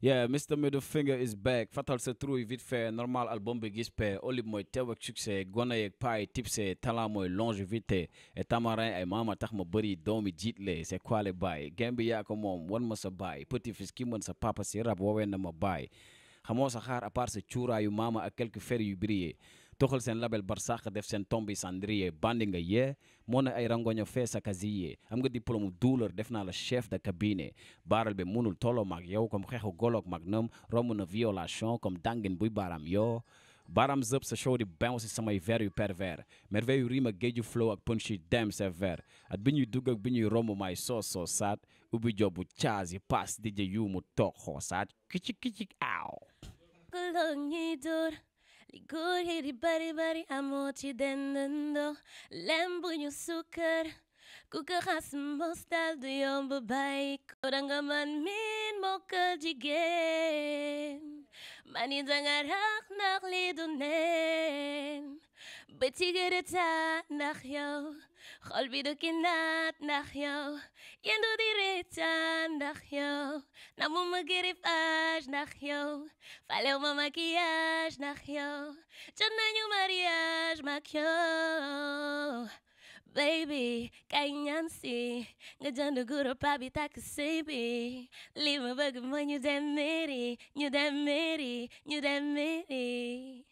yeah Mr Middle Finger is back fatal sa trouille vite fait normal album bi gis pe olib mooy teew ak succès gone yeeg paay tipse talent mooy longévité et tamarin ay maama tax ma bëri doomi jiitle c'est quoi le baay game yaa ko moom wan ma sa baay petit fils ki mën sa papa si rab woowee na ma baay xamoo sa xaar à part sa cuuraayu maama ak quelques fer yu brillé toxal seen label barsax def seen tombi sandrier bandi nga yee na ay rangoño fee sa casier am nga diplôme douleur def naa la chef de cabinet baaral bi munul tolloo maag yow comme xeexu goloog mag nam romb na violation comme dangin buy baaraam yoo baaraam zëb sa show di benw si samay vers yu pervers merveille yu rima géeju flow ak punch yi dem sévère at bi ñuy dugg ak bi ñuy romb maay soos soo saat ubbi jobu caas di jë yu mu toog xoosaat kicik kicik aaw Liguri bari bari amoo ci dendandoo lem bu ñu sukkar ku ko xas du yomb bàyyi danga man miin mokkal jigéen manidangar ak ndax lii du neen bëti gëdë ndax yow xol bi du ki ndax yow yendu di reetaan ndax yow namuma greffage ndax yow falew ma maquillage ndax yow jot nañu mariage mak yow baby kay ñaan si nga jënd guro pa bi takk sëy bi li ma bëgg ma ñu dem mairie ñu dem mairie ñu dem mairie